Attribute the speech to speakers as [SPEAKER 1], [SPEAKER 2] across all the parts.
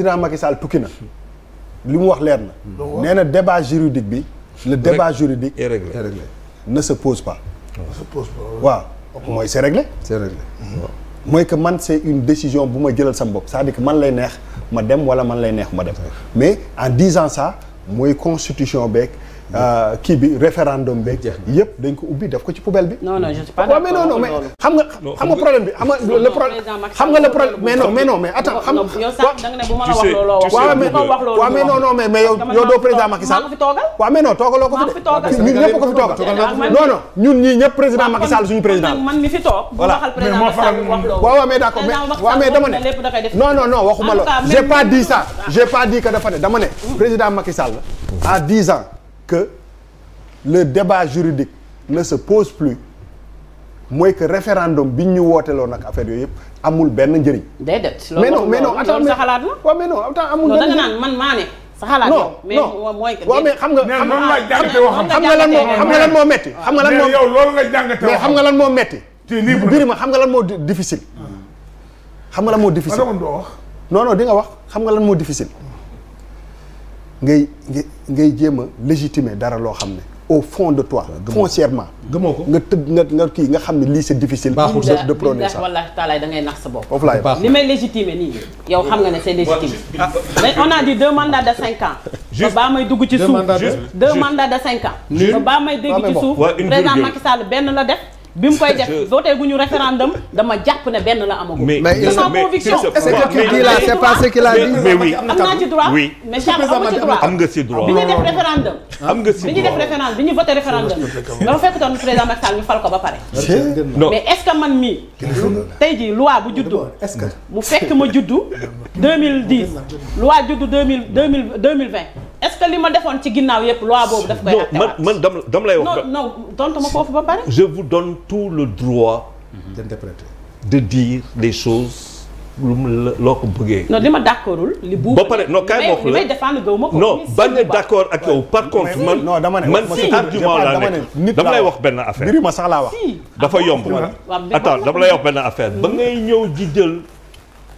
[SPEAKER 1] tyran Macky Sall tukki na li mu wax leer na nee na débat juridique bi le débat juridique est réglé ne se pose pas ne se pose pas waaw mooy c'est réglé mhm. mooy que man c'est une décision bu ma jëlal sama bopp c'est-à-dire man lay neex ma dem wala man lay neex ma dem mais en disant ça mooy constitution beeg Euh, kii bi référendum beeg yëpp dañ ko ubbi def ko ci poubelle bi.
[SPEAKER 2] non non je suis xam nga. xam nga problème bi xam nga le problème. xam nga le problème mais non mais non mais attends. xam nga yow sax da nga ne doo président Macky Sall.
[SPEAKER 1] waaw mais non ko fi
[SPEAKER 2] de. ñun ñëpp ko fi toogal. non non
[SPEAKER 1] ñun ñii ñëpp président Macky Sall suñu président. man
[SPEAKER 2] mi fi toog. voilà mais moo faral waaw mais d'accord mais waaw mais dama ne. non non non waxuma la j'ai pas
[SPEAKER 1] dit ça j'ai pas dit que dafa ne dama ne mm. président Macky Sall à 10 ans que le débat juridique ne se pose plus mooy que référendum bi ñu wooteloo nag affaire yooyu yëpp amul benn njëriñ.
[SPEAKER 2] déedéet mais non mais non attends sa xalaat la. waaw mais amul benn njëriñ da nga naan man maa ne. sa xalaat yow mais xam nga. xam nga lan moo xam nga lan moo metti. xam nga lan moo mais yow loolu nga xam nga lan
[SPEAKER 1] moo metti. mbir ma ah. xam nga lan moo difficile. xam nga lan moo difficile. non non di nga wax xam nga lan moo difficile. ngay ngay jéem a légitimer dara loo xam ne au fond de toi foncièrement gëmoo ko nga tëgg nga nga kii nga xam ne lii c'est difficile de prôner ça wala
[SPEAKER 2] taalaay da ngay nax sa bopp foofu laay li may légitimer nii yow xam nga ne c'est légitime ah, mais on a dit deux mandats de cinq ans ba baa may dugg ci suuf deux mandats de cinq ans ba baa may dégg ci suuf président Macky Sall benn la def bi mu koy def voté gu ñu référendum dama jàpp ne benn la amagum. a dit. mais oui am naa ci droit oui. mais Charles amu am nga ci droit. bi ñu def référendum. am nga ci droit bi ñu def référendum bi ñu voté référendum. dafa fekk doon président Macky Sall ñu fal ko ba pare.
[SPEAKER 3] mais
[SPEAKER 2] est-ce que man mii. tey jii loi bu juddu. mu fekk ma juddu. 2010 loi juddu deux mille deux mille deux mille vingt est-ce que li ma defoon ci ginnaaw yëpp loi boobu daf koy àttewaat
[SPEAKER 3] man man lay wax. non non tontu le droit. Mhm. d'interpréter. loo ko bëggee. non
[SPEAKER 2] li ma d'accordul li bu ba pare non kay
[SPEAKER 3] ak yow par contre man. non dama ne man lay wax benn affaire. mbiri ma sax laa wax. Ah, yomb. attends dama lay wax benn mm-hmm. ba ngay ñëw ji jël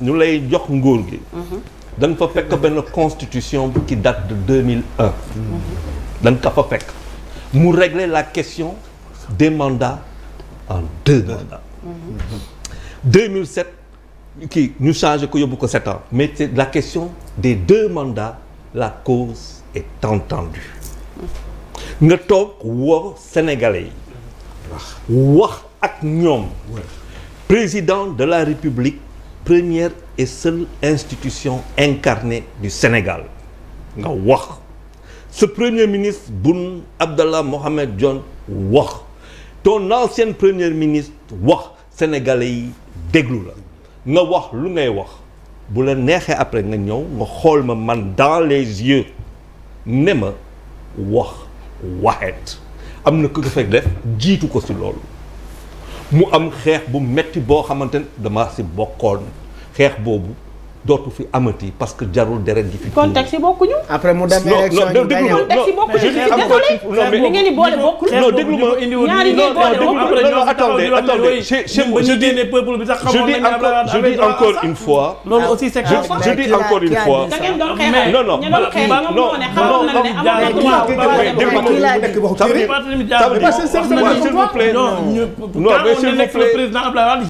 [SPEAKER 3] ñu lay jox nguur gi. Mm-hmm. dañ fa fekk benn constitution qui date de 2001 dañ ka fa fekk mu régler la question des mandats en deux mandats 2007 kii ñu changé ko yóbbu ko sept ans mais c'est la question des deux mandats la cause est entendue nga toog woo sénégalais yi wax ak ñoom président de la république première et seule institution incarnée du Sénégal nga wax ce premier ministre Boun Abdallah Mohamed Dionne wax ton ancien premier ministre wax sénégalais yi déglu la nga wax lu ngay wax bu la neexee après nga ñëw nga xool ma man dans les yeux ne ma wax waxeet am na ku ko fekk def jiitu ko si loolu mu am xeex bu metti boo xamante ne dama si bokkoon xeex boobu dootu fi amati parce que jarul deret ji fi.
[SPEAKER 2] contexte yi bokkuñu. après mu dem élection ñu bañ a. contexte yi bokkuñu désolé li ngeen di boole bokkul. non déglu ma ñaari ngeen boole après non attendez
[SPEAKER 3] attendez je je dis peuple bi sax xamoon nañu la je dis encore une fois. loolu aussi c'est je dis encore une fois. da ngeen doon xeexal non non non non non non
[SPEAKER 2] non non
[SPEAKER 1] non